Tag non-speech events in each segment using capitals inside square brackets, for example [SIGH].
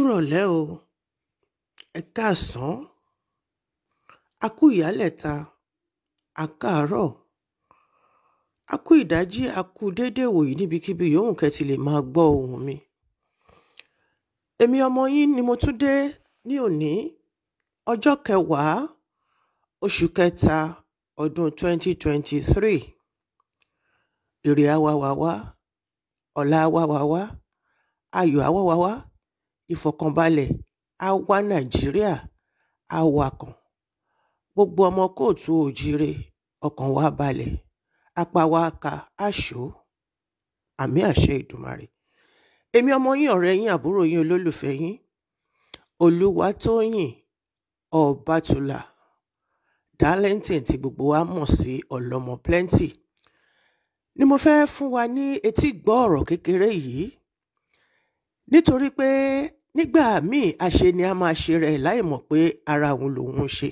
kúrọ̀lẹ́ o ẹ káàsán a kú ìyálẹ̀ta a káàárọ̀ a kú ìdájí a kú déédéé wòyí níbikíbi yòówù kẹ́tì lè máa gbọ́ ohùn mi èmi ọmọ yín ni mo tún dé ní òní ọjọ́ kẹwàá oṣù kẹta ọdún 2023 èrè awàwàwá ọ̀la awàwàwá ayọ̀ awàwàwá ìfọ̀kànbalẹ̀ á wá nàìjíríà á wakàn gbogbo ọmọ kóòtù òjíire ọkàn wa balẹ̀ apá wa ka àṣó àmì àṣẹ ìdùmarè èmi ọmọ yín ọ̀rẹ́ yín àbúrò yín olólùfẹ́ yín olúwatóyìn ọ̀bátúlà darlington tí gbogbo wa mọ̀ sí ọlọ́mọ plenty ni mo fẹ́ fún wa ní etí gbọ́ ọ̀rọ̀ kékeré yìí nítorí pé nígbà míì àṣe ni a máa ṣe rẹ̀ láìmọ̀ pé ara òun lòun ń ṣe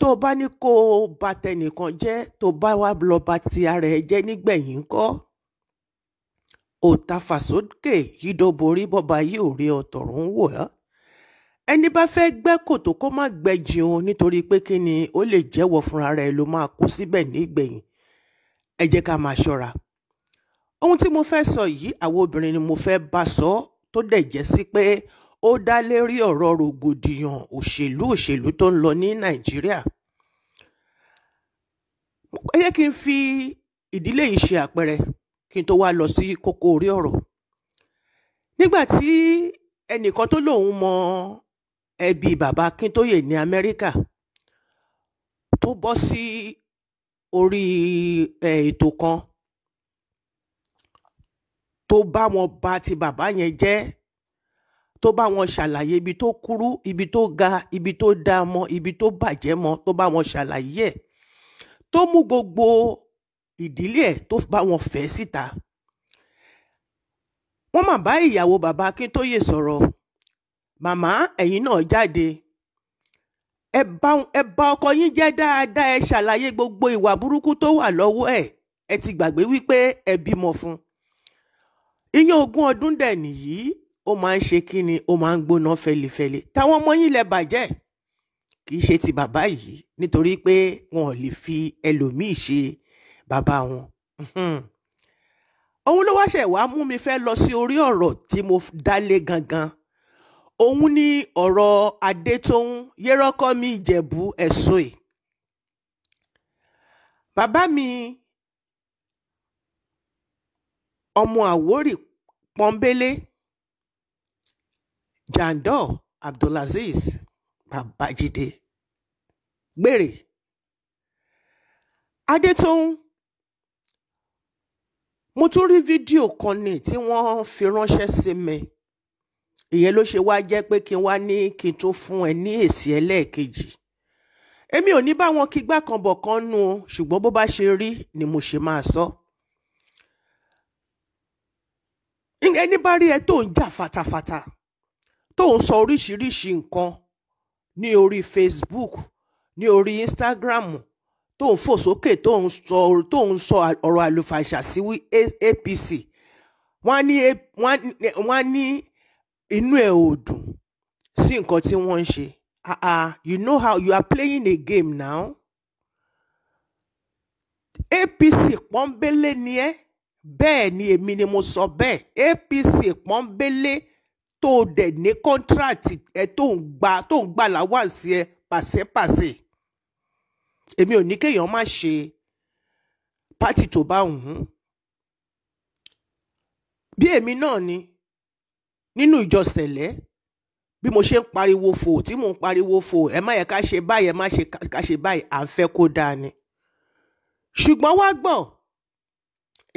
tó bá ní kó o bà tẹnìkan jẹ́ tó bá wá lọ bà ti ara ẹ jẹ́ nígbẹ̀yìn kọ́ òtàfàsókè yídóborí bọ́ba yìí ò rí ọ̀tọ̀rọ̀ wò ọ́ ẹni bá fẹ́ gbẹ́ kòtò kó má gbẹ́ jìn nítorí pé kí ni ó lè jẹ́wọ́ fúnra rẹ̀ ló máa kú síbẹ̀ nígbẹ̀yìn ẹ jẹ́ ká máa ṣọ́ra ohun tí mo fẹ́ sọ yìí àwọn obìnrin ni mo fẹ́ bá sọ tó dẹ̀ jẹ́ sí pé ó dá lérí ọ̀rọ̀ rògbòdìyàn òṣèlú òṣèlú tó ń lọ ní nàìjíríà ẹ jẹ́ kí n fi ìdílé yìí ṣe àpẹẹrẹ kí n tó wá lọ sí kókó orí ọ̀rọ̀ nígbà tí ẹnìkan tó lòun mọ ẹbí bàbá Akíntóyè ní Amẹ́ríkà tó bọ́ sí orí ètò kan tó bá wọn ba ti bàbá yẹn jẹ́ tó bá wọn ṣàlàyé ibi tó kúrú ibi tó ga ibi tó dáa mọ́ ibi tó bàjẹ́ mọ́ tó bá wọn ṣàlàyé ẹ̀ tó mú gbogbo ìdílé ẹ̀ tó bá wọn fẹ́ síta wọ́n mà bá ìyàwó bàbá Akíntóyè sọ̀rọ̀ màmá ẹ̀yin náà jáde ẹ bá ẹ bá ọkọ yín jẹ́ dáadáa ẹ ṣàlàyé gbogbo ìwà burúkú tó wà lọ́wọ́ ẹ̀ ẹ ti gbàgbé wípé ẹ bímọ fún un ìyẹn ogún ọdún dẹ̀ nìyí ó máa ń ṣe kí ni ó máa ń gbóná fẹlifẹli táwọn ọmọ yín lẹ bàjẹ́ kì í ṣe ti bàbá yìí nítorí pé wọn ò lè fi ẹlòmíì ṣe bàbá wọn. òun ló wáṣẹ̀ wá mú mi fẹ́ lọ sí orí ọ̀rọ̀ tí mo dálé gangan òun ni ọ̀rọ̀ Adétóun Yẹ́rọ́kọ́mi Ìjẹ̀bú Ẹ̀sùn ẹ̀. bàbá mi ọmọ Àwórì pọ́ńbélé jandor Abdulaziz, babájídé gbèrè adétòun mo tún rí fídíò kan ní tí wọ́n fi ránṣẹ́ sí mi ìyẹn ló ṣe wáá jẹ́ pé kí n wá ní kí n tó fún ẹ ní èsì ẹlẹ́ẹ̀kejì èmi ò ní bá wọn kígbà kan bọ̀ kan nu o ṣùgbọ́n bó bá ṣe rí ni mo ṣe máa sọ. So. ẹni bá rí ẹ tó ń jà fatafata tó ń sọ oríṣiríṣi nǹkan ní orí Facebook ní orí Instagram tó ń fò sókè tó ń sọ tó ń sọ ọ̀rọ̀ àlùfàṣà sí APC wọ́n ní wọ́n ní inú ẹ̀ ò dùn sí nǹkan tí wọ́n ń ṣe ah ah you know how you are playing a game now APC pọ́nbélé ni ẹ́. Eh? bẹ́ẹ̀ ni èmi ni mo sọ bẹ́ẹ̀ APC pọ́nbélé tó o dẹ̀ ní kọ́ńtíráàtì ẹ tó ń gba tó ń gba làwáǹsì ẹ pàṣẹpàṣẹ èmi ò ní kéèyàn má ṣe pátì tó bá wù ú bí èmi náà ni nínú ìjọsẹ̀lẹ̀ bí mo ṣe ń pariwo fò tí mò ń pariwo fò ẹ má yẹ ká ṣe báyìí ẹ má ṣe ká ṣe báyìí à ń fẹ́ kó dáa ni ṣùgbọ́n wá gbọ́n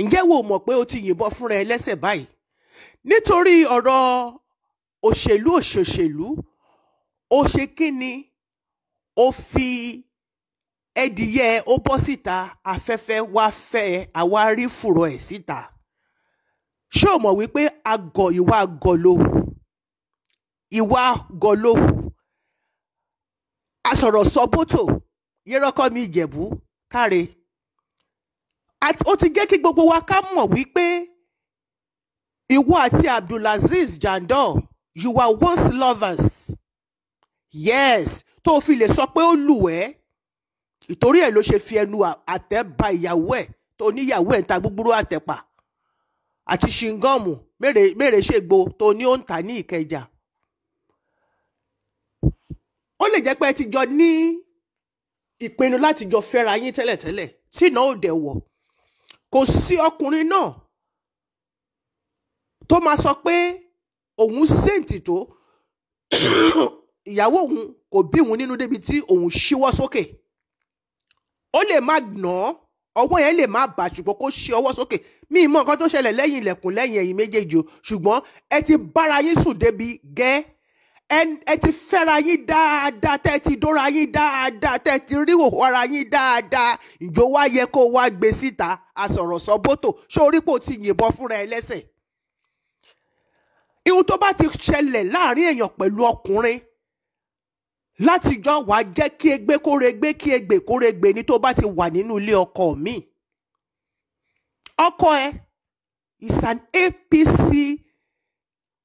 ǹjẹ́ wo mọ̀ pé o ti yìnbọn fúnra ẹ lẹ́sẹ̀ báyìí nítorí ọ̀rọ̀ òṣèlú òṣèṣèlú ó ṣe kí ni ó fi ẹdìyẹ ó bọ́ síta afẹ́fẹ́ wá fẹ́ àwárí fùrọ̀ ẹ̀ síta ṣé o mọ̀ wípé agọ̀ ìwà agọ̀ ló hù ìwà agọ̀ ló hù asọ̀rọ̀ sọ bótò yẹ́rọ́kọ́ mi ìjẹ̀bú káre àti ó ti jẹ́ kí gbogbo wa ká mọ̀ wípé ìwọ àti Abdulaziz Jandor you were once lovers yes tó fi lè sọ pé ó lù ẹ́ ìtorí ẹ̀ ló ṣe fi ẹnu àtẹ́ ba ìyàwó ẹ̀ tó níyàwó ẹ̀ ń ta gbúgbúrú àtẹ̀pà àti ṣingọ́ọ̀mù mẹ́rẹ̀ẹ́ ṣègbò tó ní ó ń tà ní Ìkẹjà ó lè jẹ́ pé ẹ ti jọ ní ìpinnu láti jọ fẹ́ra yín tẹ́lẹ̀tẹ́lẹ̀ tí náà ò dẹ̀ wọ̀ kò sí ọkùnrin náà tó máa sọ pé òun sèǹtì tó ìyàwó òun kò bí òun nínú débi tí òun ṣíwọ́ sókè ó lè má nà án ọwọ́ yẹn lè má bà ṣùgbọ́n kó ṣe ọwọ́ sókè mi mọ nǹkan tó ṣẹlẹ̀ lẹ́yìn ilẹ̀kùn lẹ́yìn ẹ̀yìn méjèèjì o ṣùgbọ́n ẹ ti bára yín sùn débi gẹ́ẹ́ ẹ ti fẹ́ra yín dáadáa tẹ́ ti dóra yín dáadáa tẹ́ ti ríwò ara yín dáadáa ìjọ wa yẹ kó wá gbé síta àsọ̀rọ̀sọ bótò ṣorípò ti yìnbọn fúnra ẹ lẹ́sẹ̀. ihun tó bá ti ṣẹlẹ̀ láàrin èèyàn pẹ̀lú ọkùnrin látijọ́ wàá jẹ́ kí egbé kóregbé kí egbè kóregbè ni tó bá ti wà nínú ilé ọkọ mi. ọkọ ẹ is an APC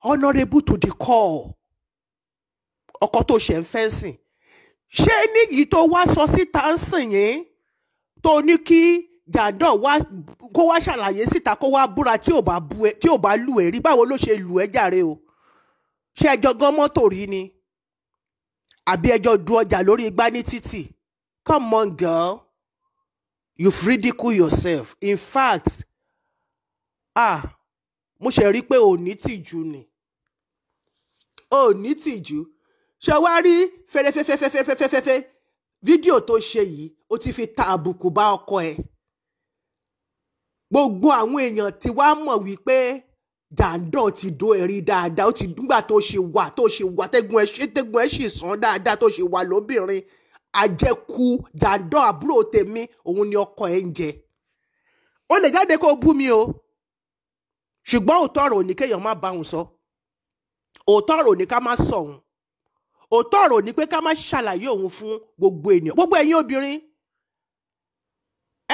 honourable to the call ọkọ tó ṣe ń fẹ́ sìn ṣé níyì tó wá sọ síta ń sìn yín tó ní kí jàǹdọ̀ wá kó wá ṣàlàyé síta kó wá búra tí ò bá bu ẹ tí lù ẹ rí báwo ló ṣe lù ẹ jàre o ṣé ẹjọ́ gan mọ́tò rí ni àbí ẹjọ́ du ọjà lórí igbá ní títì come on girl you ridiculed yourself in fact ah mo ṣe rí i pé ò ní tìjú ni ò tìjú ṣé wá rí fẹ́rẹ́fẹ́fẹ́fẹ́fẹ́fẹ́fẹ́ fídíò tó ṣe yìí ó ti fi ta àbùkù bá ọkọ ẹ̀ gbogbo àwọn èèyàn ti wá mọ̀ wípé jàǹdàn ti do ẹ̀rí dáadáa ó ti dúgbà tó ṣe wà tó ṣe wà tẹ́gun ẹ̀ tẹ́gun ẹ̀ sì sàn dáadáa tó ṣe wà lóbìnrin àjẹkù jàǹdàn àbúrò tèmi òun ni ọkọ ẹ̀ ń jẹ ó lè jáde kó bú mi o ṣùgbọ́n òótọ́ ọ̀rọ̀ ò ní kéèyàn má bá òun sọ òótọ́ ọ̀rọ̀ ò ní ká má sọ òun òótọ́ ọ̀rọ̀ ni pé ká má ṣàlàyé òun fún gbogbo ènìyàn gbogbo ẹ̀yin obìnrin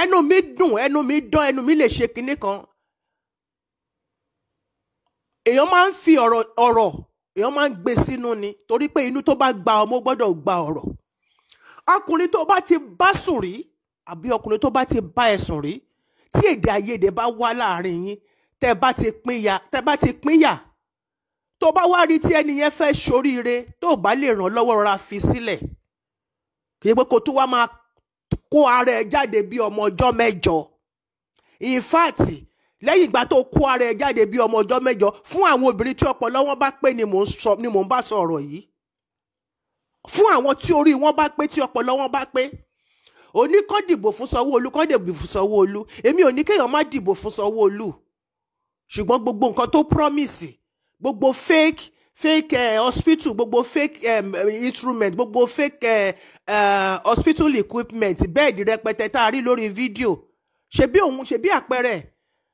ẹnu mi dùn ẹnu mi dán ẹnu mi lè ṣe kinní kan èèyàn máa ń fi ọ̀rọ̀ ọ̀rọ̀ èèyàn máa ń gbé sínú ni torí pé inú tó bá gba ọmọ gbọ́dọ̀ gba ọ̀rọ̀ ọkùnrin tó bá ti bá sùn rí àbí ọkùnrin tó bá ti bá ẹ rí tí èdè àìyedè bá wá láàrin yín tẹ́ bá ti pínyà tẹ́ bá ti pínyà tó bá wá rí tí ẹni yẹn fẹ́ ṣoríire tó bá lè ràn lọ́wọ́ rọra fi sílẹ̀ kì í pé kó tún wá máa kó ara ẹ̀ jáde bí ọmọ ọjọ́ mẹ́jọ in fact lẹ́yìn ìgbà tó kó ara ẹ̀ jáde bí ọmọ ọjọ́ mẹ́jọ fún àwọn obìnrin tí ọpọlọ wọn bá pé ni mò ń bá sọ ọ̀rọ̀ yìí fún àwọn tí orí wọn bá pé tí ọpọlọ wọn bá pé òní kọ́ dìbò fún Sanwó-Olú kọ́ dìbò fún sanwó èmi ò ní kéèyàn má dìbò fún sanwó ṣùgbọ́n gbogbo nǹkan tó promise gbogbo fake fake uh, hospital gbogbo fake um, instrument gbogbo fake uh, uh, hospital equipment bẹ́ẹ̀dì rẹpẹtẹ tá a rí lórí fídíò ṣebí òun ṣebí àpẹẹrẹ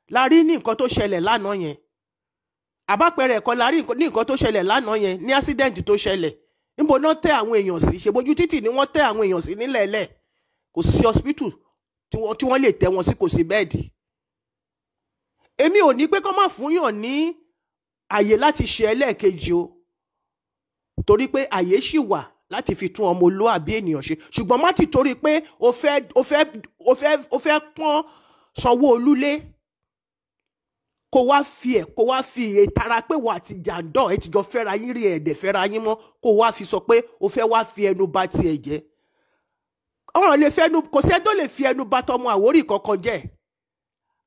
la rí ní nǹkan tó ṣẹlẹ̀ lánàá yẹn àbápẹẹrẹ kan la rí ní nǹkan tó ṣẹlẹ̀ lánàá yẹn ní accident tó ṣẹlẹ̀ níbo náà tẹ àwọn èèyàn sí ṣèbojú títì ni wọ́n tẹ àwọn èèyàn sí nílẹ̀ẹ́lẹ̀ kò sí hospital tí wọ́n lè tẹ wọn sí kò sí bẹ́ẹ̀dì èmi ò ní pé kó má fún yàn ní àyè láti ṣe ẹlẹ́ẹ̀kejì o torí pé àyè ṣì wà láti fi tún ọmọlúàbí ènìyàn ṣe ṣùgbọ́n má ti torí pé o fẹ́ o fẹ́ o fẹ́ o fẹ́ pọ́n Sanwó-Olú lé kó wá fi ẹ̀ kó wá fi iye tara pé wà àti jàǹdọ̀ ẹ ti jọ fẹ́ra yín rí ẹ̀dẹ̀ fẹ́ra yín mọ́ kó wá fi sọ pé o fẹ́ wá fi ẹnu bà tiẹ̀ jẹ́ ọ̀ràn lè fẹ́nu kò sẹ́ni tó lè fi ẹnu bà tọmọ Àwórì kankan jẹ́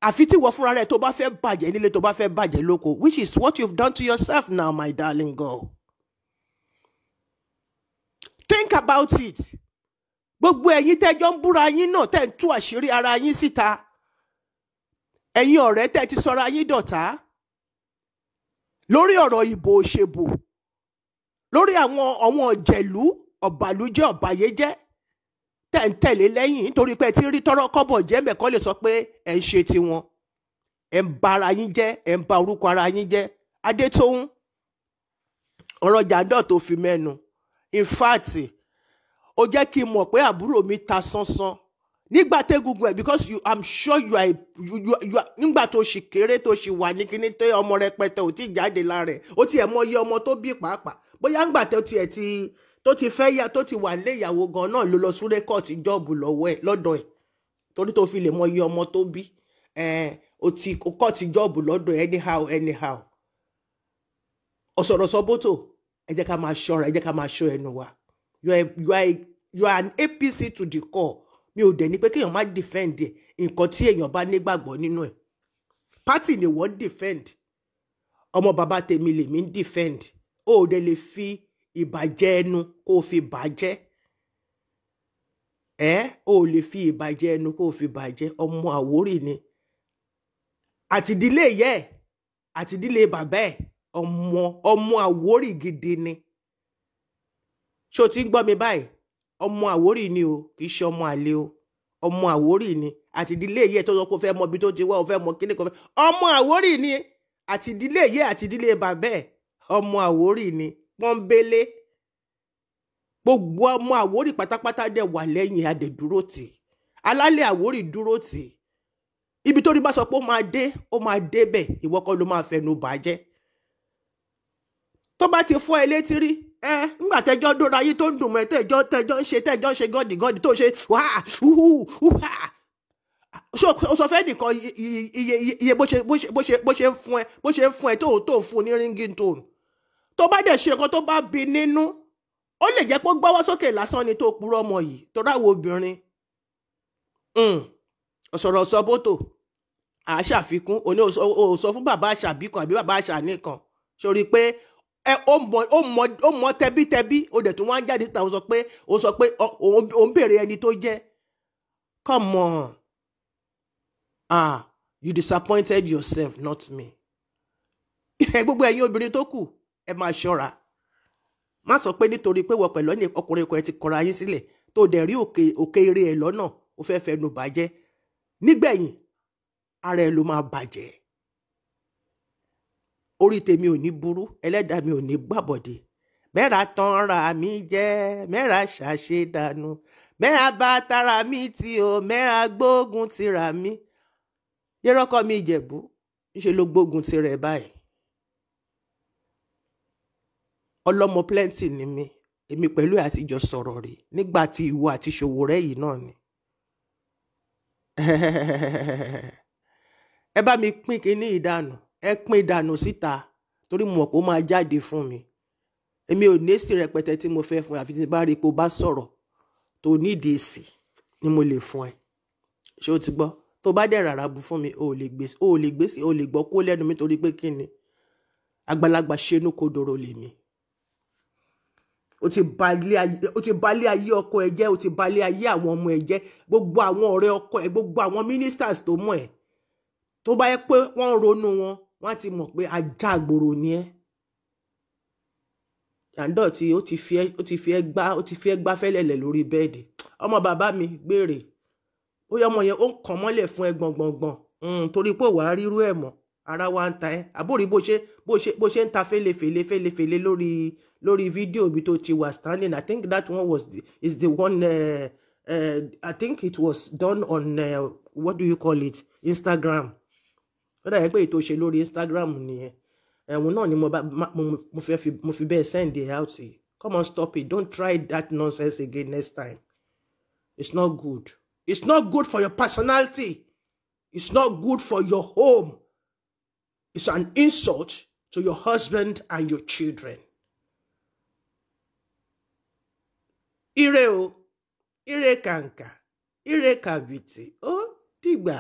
àfi tí ìwọ fúnra rẹ tó bá fẹ́ bàjẹ́ nílé tó bá fẹ́ bàjẹ́ lóko which is what you've done to yourself now my darling girl. think about it gbogbo ẹ̀yin tẹ́jọ́ ń búra yín náà tẹ́ ń tú àṣírí ara yín síta ẹ̀yin ọ̀rẹ́ tẹ́ ti sọra yín dọ̀tá lórí ọ̀rọ̀ ìbò òṣèbò lórí àwọn àwọn ọ̀jẹ̀lú ọ̀bàlújẹ́ ọ̀bàyéjẹ́ tẹ̀ ń tẹ̀lé lẹ́yìn nítorí pé ẹ ti rí tọ́rọ́ kọ́bọ̀ jẹ́ mẹ́kọ́ lè sọ pé ẹ̀ ń ṣe tiwọn ẹ̀ ń ba ara yín jẹ́ ẹ̀ ń ba orúkọ ara yín jẹ́ Adétóun ọ̀rọ̀ jàǹdọ̀ tó fi mẹ́nu in fact ó jẹ́ kí n mọ̀ pé àbúrò mi ta sánsán nígbà tẹ́gungun ẹ̀ because you i'm sure you are you, you, you are nígbà tó ṣì kéré tó ṣì wà ní kíní tó ọmọ rẹpẹtẹ ò tí jáde lára ẹ̀ ó tiẹ̀ mọ iye ọmọ tó bí pàápàá bóyá ńgbà tó tiẹ̀ ti tó ti fẹ́ yá tó ti wà lé ìyàwó gan náà ló lọ súré kọ́ọ̀tì jọ́ọ̀bù lọ́wọ́ ẹ̀ lọ́dọ̀ ẹ̀ torí tó fi lè mọ iye ọmọ tó bí o ti kọ́ọ̀tì jọ́ọ̀bù lọ́dọ̀ ẹ̀ anyhow anyhow ọ̀sọ̀rọ̀sọ bótò ẹ jẹ́ ká máa ṣọ́ra ẹ jẹ́ ká máa ṣọ́ ẹnu wa you are, you are, you are an APC to the core mi ò dẹ̀ ní pé kéèyàn má defend ẹ̀ nǹkan tí èèyàn bá nígbàgbọ́ nínú ẹ̀ party ni wọ́n defend ọmọ bàbá tèmi lèmi defend O ò dẹ̀ lè fi ìbàjẹ́ ẹnu kó o fi bàjẹ́ ẹ ò lè fi ìbàjẹ́ ẹnu kó o fi bàjẹ́ ọmọ àwórì ni àtìdílé yẹ àtìdílé bàbá ẹ ọmọ ọmọ àwórì gidi ni ṣó ti ń gbọ́ mi báyìí ọmọ àwórì ni o kì í ṣe ọmọ àlè o ọmọ àwórì ni àtìdílé yẹ tó sọ pé o fẹ́ mọ ibi tó ti wá o fẹ́ mọ kíní kan fẹ́ ọmọ àwórì ni àtìdílé yẹ àtìdílé bàbá ẹ ọmọ àwórì ni pọ́nbélé gbogbo ọmọ àwórì pátápátá dẹ̀ wà lẹ́yìn adẹ̀ dúró tì alálẹ̀ àwórì dúró tì ibi tó rí bá sọ pé ó máa dé ó máa débẹ̀ ìwọ kọ́ ló máa fẹnu bàjẹ́ tó bá ti fọ́ ẹ létí rí ẹ ńgbà tẹjọ́ dóra yìí tó ń dùn mọ́ ẹ tẹjọ́ tẹjọ́ ń ṣe tẹjọ́ ń ṣe gọ́dìgọ́dì tó ṣe wáá wúhù wúhà o sọ fẹ́ nìkan iye bó ṣe ń fún ẹ bó ṣe ń fún ẹ tó ń tó ń fún ní ringing tone tó bá dẹ̀ ṣe nǹkan tó bá bí nínú ó lè jẹ́ pé gbọ́wọ́ sókè lásán ni tó purọ́ ọmọ yìí tó ráwọ obìnrin hmm, ọ̀sọ̀rọ̀ sọ bótò àṣàfikún òní ò sọ fún bàbá àṣàbí kan àbí bàbá àṣàní kan sórí pé ẹ ó mọ tẹbítẹbí ó dẹ̀ tún wá ń jáde síta ó sọ pé ó sọ pé òun béèrè ẹni tó jẹ́ come on ah you disappointed yourself not me [LAUGHS] gbogbo ẹ̀yin obìnrin tó kù ẹ máa ṣọ́ra má sọ pé nítorí pé wọ́n pẹ̀lú ọkùnrin kan ẹ ti kọra yín sílẹ̀ tó dẹ̀ rí òkè òkè eré ẹ lọ́nà ó fẹ́ fẹnu bàjẹ́ nígbẹ̀yìn ara ẹ ló máa bàjẹ́ orí tèmi ò ní burú ẹlẹ́dàá mi ò ní gbàbọ̀dé mẹ́ra tán ra mi jẹ́ mẹ́ra ṣàṣe dànù mẹ́ra bá tara mi tí o mẹ́ra gbógun tira mi yẹ́rọ́kọ́ mi ìjẹ̀bú ńṣe ló gbógun tirẹ̀ báyìí ọlọ́mọ plenty ni mi èmi pẹ̀lú ẹ̀ àtijọ́ sọ̀rọ̀ rí nígbà tí ìwọ àti Ṣòwòrẹ́ yìí náà ni. [LAUGHS] ẹ bá mi pín kínní ìdànù ẹ pín ìdànù síta torí mo mọ̀ pé ó máa jáde fún mi èmi ò ní èsì rẹpẹtẹ tí mo fẹ́ fún ẹ àfi tí n bá rí i pé o bá sọ̀rọ̀ tó nídìí èsì ni mo lè fún ẹ ṣé o ti gbọ́ tó bá dẹ̀ rárá bu fún mi o ò lè gbé o ò lè gbé sí o ò lè gbọ́ kó lẹ́nu mi torí pé kí àgbàlagbà ṣe inú kodoro lèmi o ti balẹ̀ ayé ọkọ ẹ jẹ́ o ti balẹ̀ ayé àwọn ọmọ ẹ jẹ́ gbogbo àwọn ọ̀rẹ́ ọkọ ẹ gbogbo àwọn ministers tó mọ̀ ẹ́ tó bá yẹ pé wọ́n ronú wọn wọ́n ti mọ̀ pé ajá àgbòrò ni ẹ́ yàndọ̀ tí ó ti fi ẹ́ gbá ó ti fi ẹ́ gbá fẹ́lẹ̀lẹ̀ lórí bẹ́ẹ̀dì ọmọ bàbá mi gbére ó yẹ ọmọ yẹn ó ń kàn mọ́lẹ̀ fún ẹ gbọ̀ngbọ̀ngbọ̀n hmm, torí pé wàá rírú ẹ̀ mọ́ ara wa ń ta ẹ́ àbórí bó ṣe ń ta fẹ́lẹ́fẹ́lẹ́ fẹ́lẹ́fẹ́lẹ́ lórí lórí fídíò ibi tó ti wà standing i think that one was the, is the one uh, uh, i think it was done on uh, what do you call it instagram ó dàgbé pé ètò ṣe lórí instagram nìyẹn ẹ̀wọ̀n náà ni mo bá mo fi mo fi bẹ́ẹ̀ send it out sí come on stop it don't try that nonsense again next time it's not good it's not good for your personality it's not good for your home it's an insult to your husband and your children. ire o ire kàǹkà ire kàbìtì ó dìgbà.